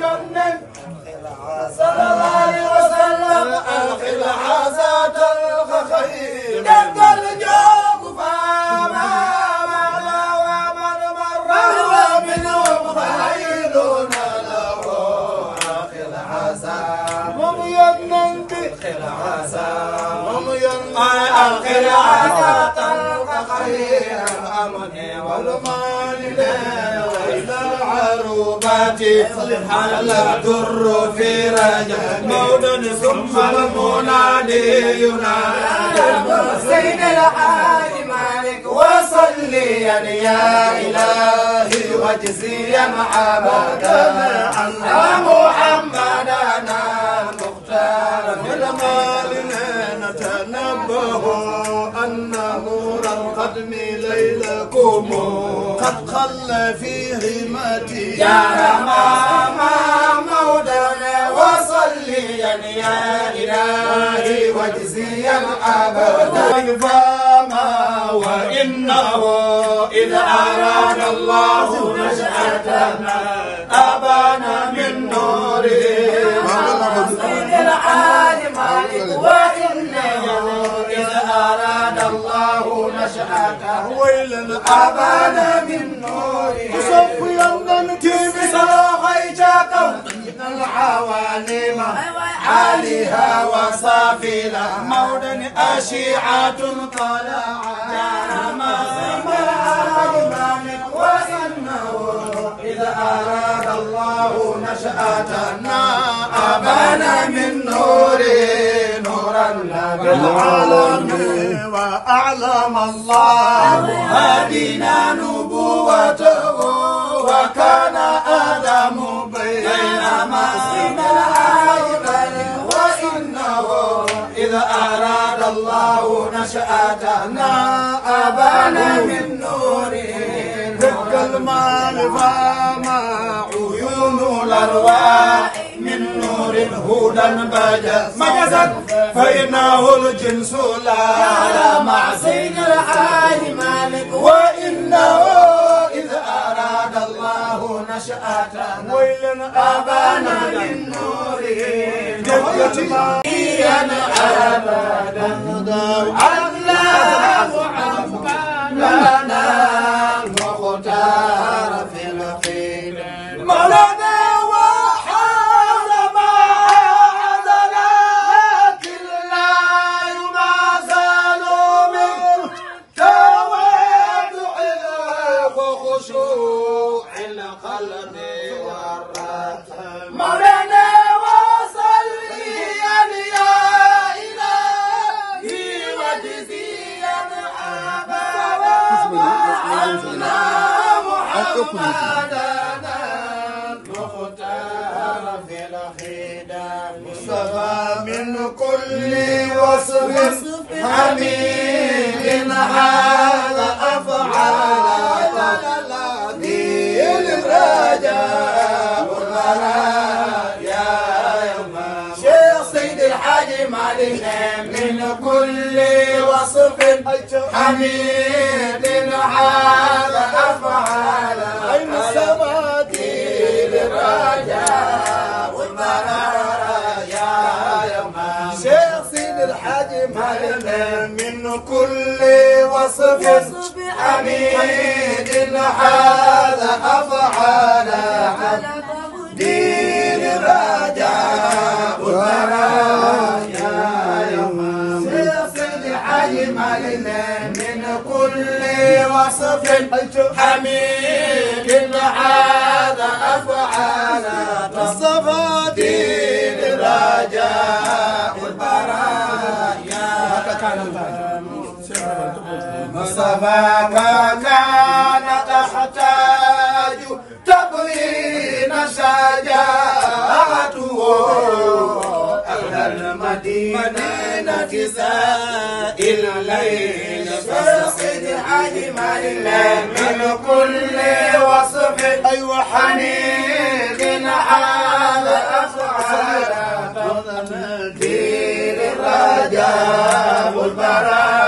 يونن صلى الله عليه وسلم ألقي الحزات الخير جد الجوق فاما معنى ومن مر منهم خيلون له ألقي الحزات هم يونن بألقي الحزات هم يونن ألقي الحزات الخير العقوبة هل الدر في رجب مولد ثم المنادي ينادي سيد العالي مالك وصليا يا إلهي وجزيا عبدا عن محمدنا المختار بالمال نتنبه أن نور القدم ليلكم قد قل في همتي يا رماما مولانا وصليا يا إلهي واجزيا أبدا فما وإنه إذ أراد الله نشأتنا أبانا من نوره وصيد العالم وإنه إذ أراد الله نشأته ويل أبانا من عليمة عليها وصافلة مودا أشيعة طلع جار ما وإنه إذا أراد الله نشأتنا أبانا من نوره نورا للعالمين وأعلم الله هدينا نشأتنا أبانا من نور دق المال فما عيون الأرواح من نور هدى بجت مجزت فإنه الجنس لا يعلم معصي الحال مالك وإنه نشأتنا ويل أبانا من نور جدتي أبدا حميد على أفعال دي الرجاء والغراء يا يوم شيخ سيد الحاج مالك من كل وصف حميد على أفعال الحج ملنا من كل وصف حميد هذا أفعال دين رجاء البرايا سيف الحج ملنا من كل وصف حميد هذا أفعال فما كان تحتاج تبرين سجاته أهل المدينة سائل الليل فاقد أجمل من كل وصف أيوة حنيق هذا أفعال تظن الدين الرجاء البراء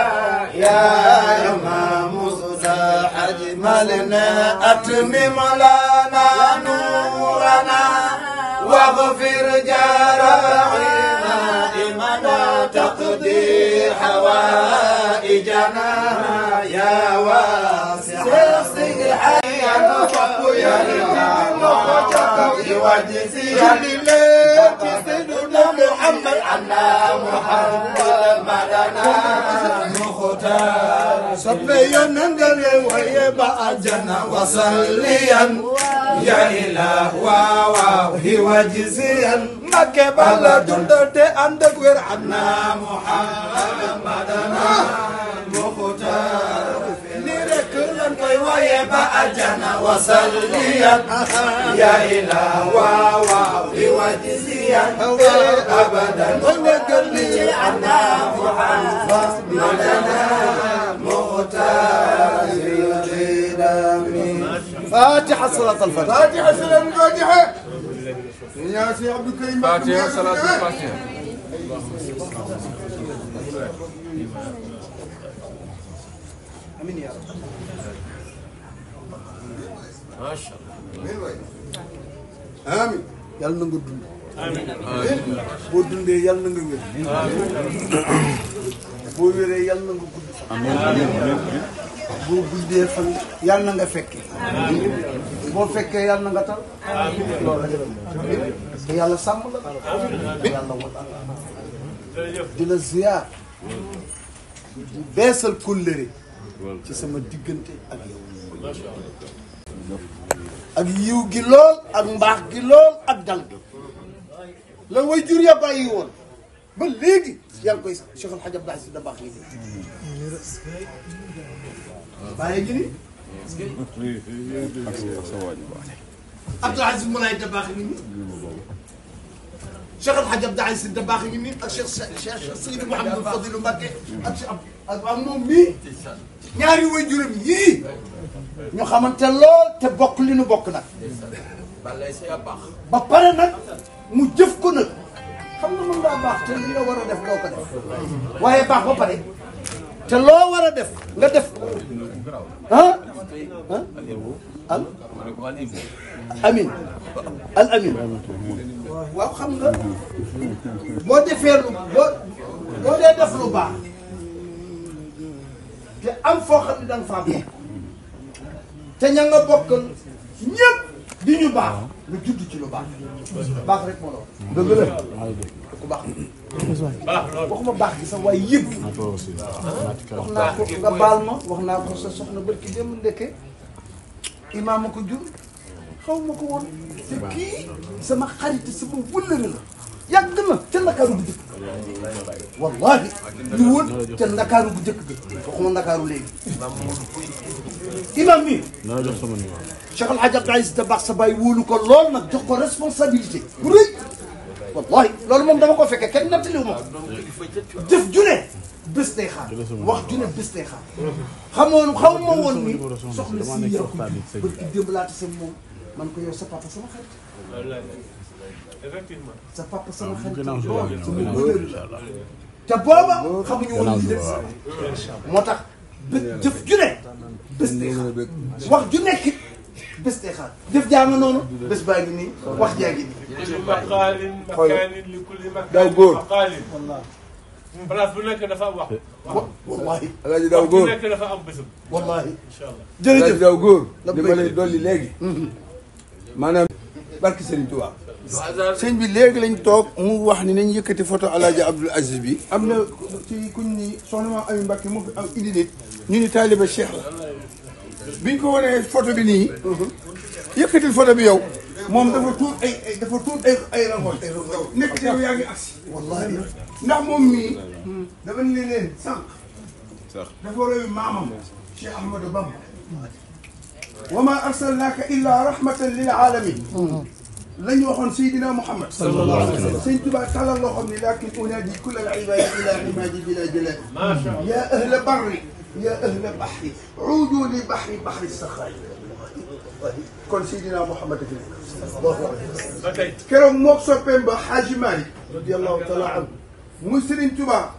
جمالنا أتمم لنا نورنا واغفر جراحنا إمنا تقضي حوائجنا يا واسع حيا نفق يا رب وجزي لله أن محمدنا مختار صليا ننقل ويبقى الجنة وصليا يا إله وواهي وجزيا مكة بلد دلت عندك غير عنا محمدنا مختار ويبقى الجنة وصليا يا إله وواهي أبدا ونقل لي عنا محمد لنا مختار القدم فاتحة صلاة الفجر فاتحة صلاة الفاتحة يا سي عبد الكريم فاتحة صلاة الفاتحة امين يا رب ما شاء الله امين يلا نقول boo dundee yàlla na nga wér. boo wéree yàlla nga gudd boo guddee fan yàlla nga fekkee. boo fekkee yàlla na nga tal. di la ziar. bu beesal kóllëre ci sama diggante ak yow. ak yiw gi lool ak mbaax gi lool ak dal la way jur ya bàyyi woon ba léegi yaa ngi koy Cheikh El Hadj Abdou Aziz da baax yi bàyyi gi ni Abdou Aziz mu lay da baax ngi ni Cheikh El Hadj Abdou Aziz da baax ngi ni ak Cheikh Cheikh Seydi Mouhamadou Fadilou Mbacké ak Cheikh ak moom mii ñaari way juram yii ñu xamante lool te bokk li nu bokk nag ba pare nag mu jëf ko nag xam nga mën ngaa baax te li nga war a def doo ko waaye baax ba pare te loo war a def nga def ko ah. ah al amin al amin waaw xam nga boo defee lu boo boo dee def lu baax te am foo xam ne danga te ña nga bokkal ñëpp li ñu baax lu judd ci lu baax baax rek moo doon. dëgg la ku baax. waxuma baax gi sax waaye yëpp. wax naa ko nga baal ma wax naa ko sa soxna bët ki dem ndekke imaam ko jur xaw ma ko woon te kii sama xarit sama wëllëre la yàgg na ca ndakaaru bu jëkk wallahi ñu woon ca ndakaaru bu jëkk bi waxuma ndakaaru léegi imam bi. naa jox sama numéro. Cheikh El Hadj Abdou Aziz Dabakh sa baay wóolu ko lool nag jox ko responsabilité. bu rëy wallahi loolu moom dama ko fekkee kenn nattaliwu ma ko. jëf ju ne bés day xaar. wax ju ne bés day xaar. xamoon xaw ma woon ni soxna si yow bëgg démb laata sa moom man ko yow sa papa sama xarit. effectivement sa papa sama ah, xarit te booba xamuñu woon li des moo tax jëf ju ne bés day xaar wax ju nekk bés day xaar def jaa nga noonu bés baa ngi nii wax jaa ngi nii. xool daaw góor place bu nekk dafa am wax. wallaahi alaaji daaw góor wax bu nekk dafa am bésam. wallaahi incha allah jërëjëf alaaji daaw góor. léegi. Mhm. maanaam barki Serigne sin bi léegi lañ toog mu wax ni nañ yëkkati photo alaaji Abdoul Aziz bi am a ci kuñ ni soxna maam Ami Mbacke mu fi am indi nit ñu ni taaliba Cheikh la biñ ko wanee photo bi nii yëkkatil photo bi yow moom dafa tuur ay dafa tuur ay ay rangoon nekk te yow yaa ngi agsi wallaahi ndax moom mii dafa ne leen sànq dafa royu maamam Cheikh Ahmadou Bamba wa ma arsalnaaka illa rahmatan lil alamin la ñu waxoon Seydina Mouhamed. sallallahu alayhi wa sallam sëñ Tuba tàllal loo xam ne laakin unaadi kulla al ibaadi ila imaadi bila jalaali. macha allah yaa ahla barri yaa ahla baxri uudu li baxri baxri saxaay kon Seydina Mouhamed ak yéen. keroog moog soppeem ba Xaaji Maalik radiyallahu taala anhu mu Sëriñ Tuba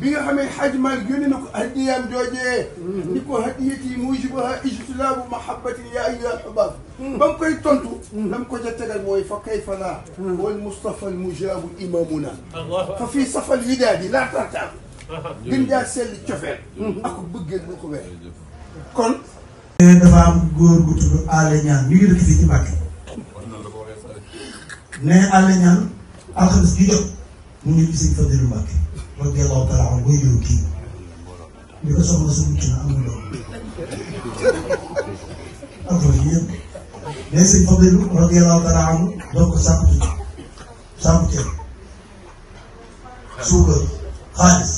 bi nga xamee xaj mal yónni na ko hadiyaam joojee ni ko hadiyati mujibuha ijtilaabu mahabbatin ya ayyuha alxubaab ba mu koy tontu lam ko ca tegal mooy fa kayfa laa wal mustafa al mujaabu imamuna fa fii safal hidaadi laa tartaab gën jaa selli cofeel ak bëggeel bu ko weer kon eh, dafa am góor gu tudd Alé Niang ñu ngi dëkk fii ci Mbàkke ne Alé Niang alxames gi jot mu ngi gis ñu fa dellu Mbàkke radiyallahu taala anhu booy ñëw kii ñu ko soxla sa mucc na amul doom am fa yëpp mais sëñ Fadilu radiyallahu taala anhu donc sàmp sàmp ceeb suukar xaalis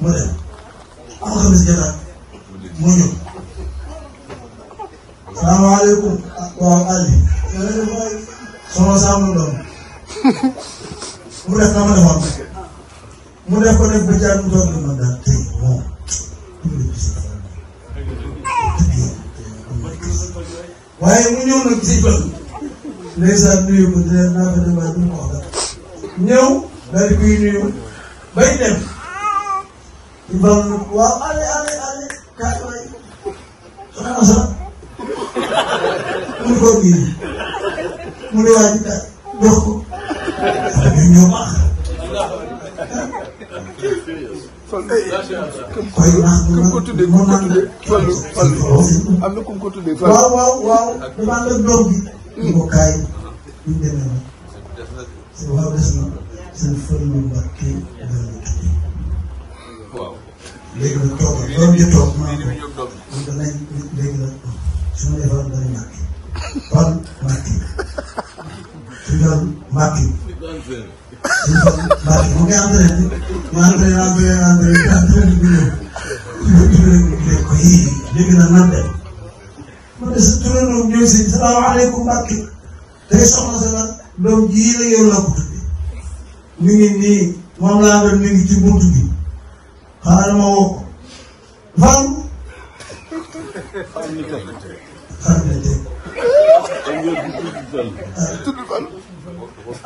mu dem am xam si jotaat mu ñëw salaamaaleykum waaw Ali soxla sa amul doom mu def na ma mu def ko def ba jaar mu doon man daal tey bon waaye mu ñëw nag si bët ndeysaan nuyu ko dina naa fa demaat mu wax dara ñëw daal di koy nuyu bay dem ci bam waaw ale ale ale kaay may soxna Asa mu ko bii mu ne waa ji kaay jox ko ñëw baax ah, kum ko tuddee kum ko tuddee fallu fallu am na kum ko tuddee fallu waaw waaw waaw dafa ànd ak doom bi ñu hmm. ko kaay ñu demee na waaw des na seen fallu mbakke dara ñu tuddee waaw léegi nag toog doom ji toog maa ko man danañ léegi nag su ma defoon dana ñàkk fal mbakke su ñu daan mbakke parce que bu ngay entraîné ma entraîné entraîné entraîné entraîné bi ñëw ko yii dégg na nan dem ma ne sa turandoom ñooy sëñ salaamaaleykum Mbàkke tey soxna sa la doom ji la yow la ko tudde mi ngi nii moom laa doon mi ngi ci buntu bi xaaral ma woo ko xam nga dégg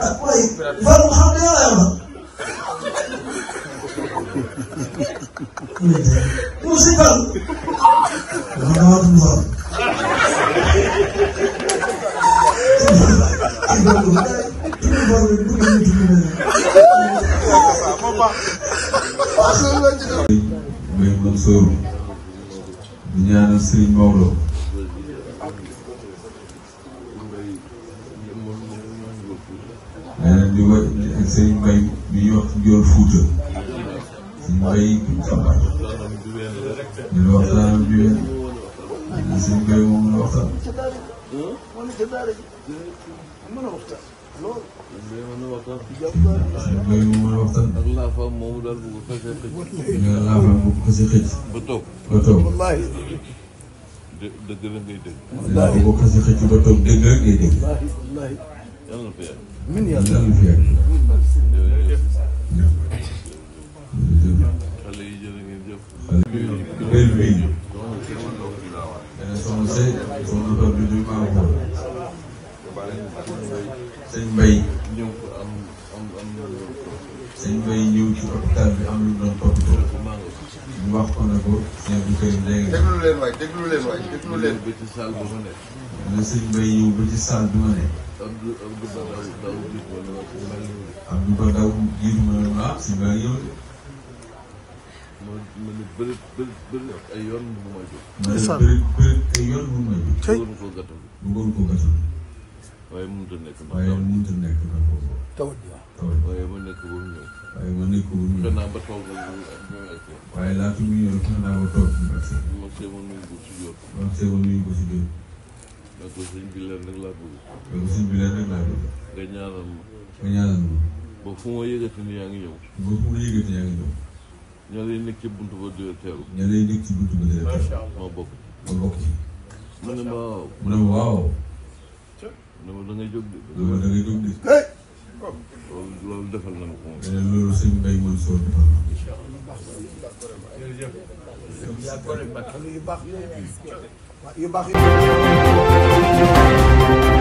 ah waaye Fallou xam nga yow la musical Baye Mansour di ñaanal Serigne Maodo waxtaan bi wér suñ koy moom la waxtaan bay mu mën a waxtaan laafa moom daal bu ko xasee xëj nga laafa bu ko xasee xëj ba toog ba toog dëgg la ngay dégg laafa bu ko xasee xëj ba toog dëgg la ngay dégg yàlla na fi yàgg min yàlla na fi yàgg xale yi jërë ngeen jëf వెలువేయు dana soxna soxna Pape bi ñu maa ko sëñ Mbaye sëñ wax ko ne ko sëñ bi kër léegi. déglu leen waay déglu leen waay déglu leen ba ci salle bi ma nekk. dana sëñ Mbaye ñëw ba ci salle bi ma nekk. Abdou Abdou Ba daw daw jiitu ma ma ma ne bëri bëri bëri ay yoon bu ma jóg. ma ne bëri bëri ay yoon bu ma jóg. tey waru ko gàttal. waru ko gàttal. waaye mënut a nekk. waaye mënut a nekk nag boobu. tawat bi waaw. waaye ma nekk ba mu ñëw. waaye ma nekk ba mu ñëw. xanaa ba toog ak ñoom ak ñoom ak yow. waaye laata muy ñëw xanaa ba toog ak yow. ma see ma nuyu ko si yoon. ma see ma nuyu ko si yoon. da ko sëñ bi leen rek laa bëgg. da ko sëñ bi leen rek laa bëgg. nga ñaanal ma. nga ñaanal ma. ba fu ma yëgati ni yaa ngi ñëw. ba fu ma yëgati yaa ngi ñëw. ñoo lay nekk ci buntu ba di teeru. ñoo lay ba ma bokk. ma bokk ci. ma ne ma waaw. ma ne ma da ngay jóg de. loolu defal na ma ko moom. mais loolu sëñ Mbaye mooy baax.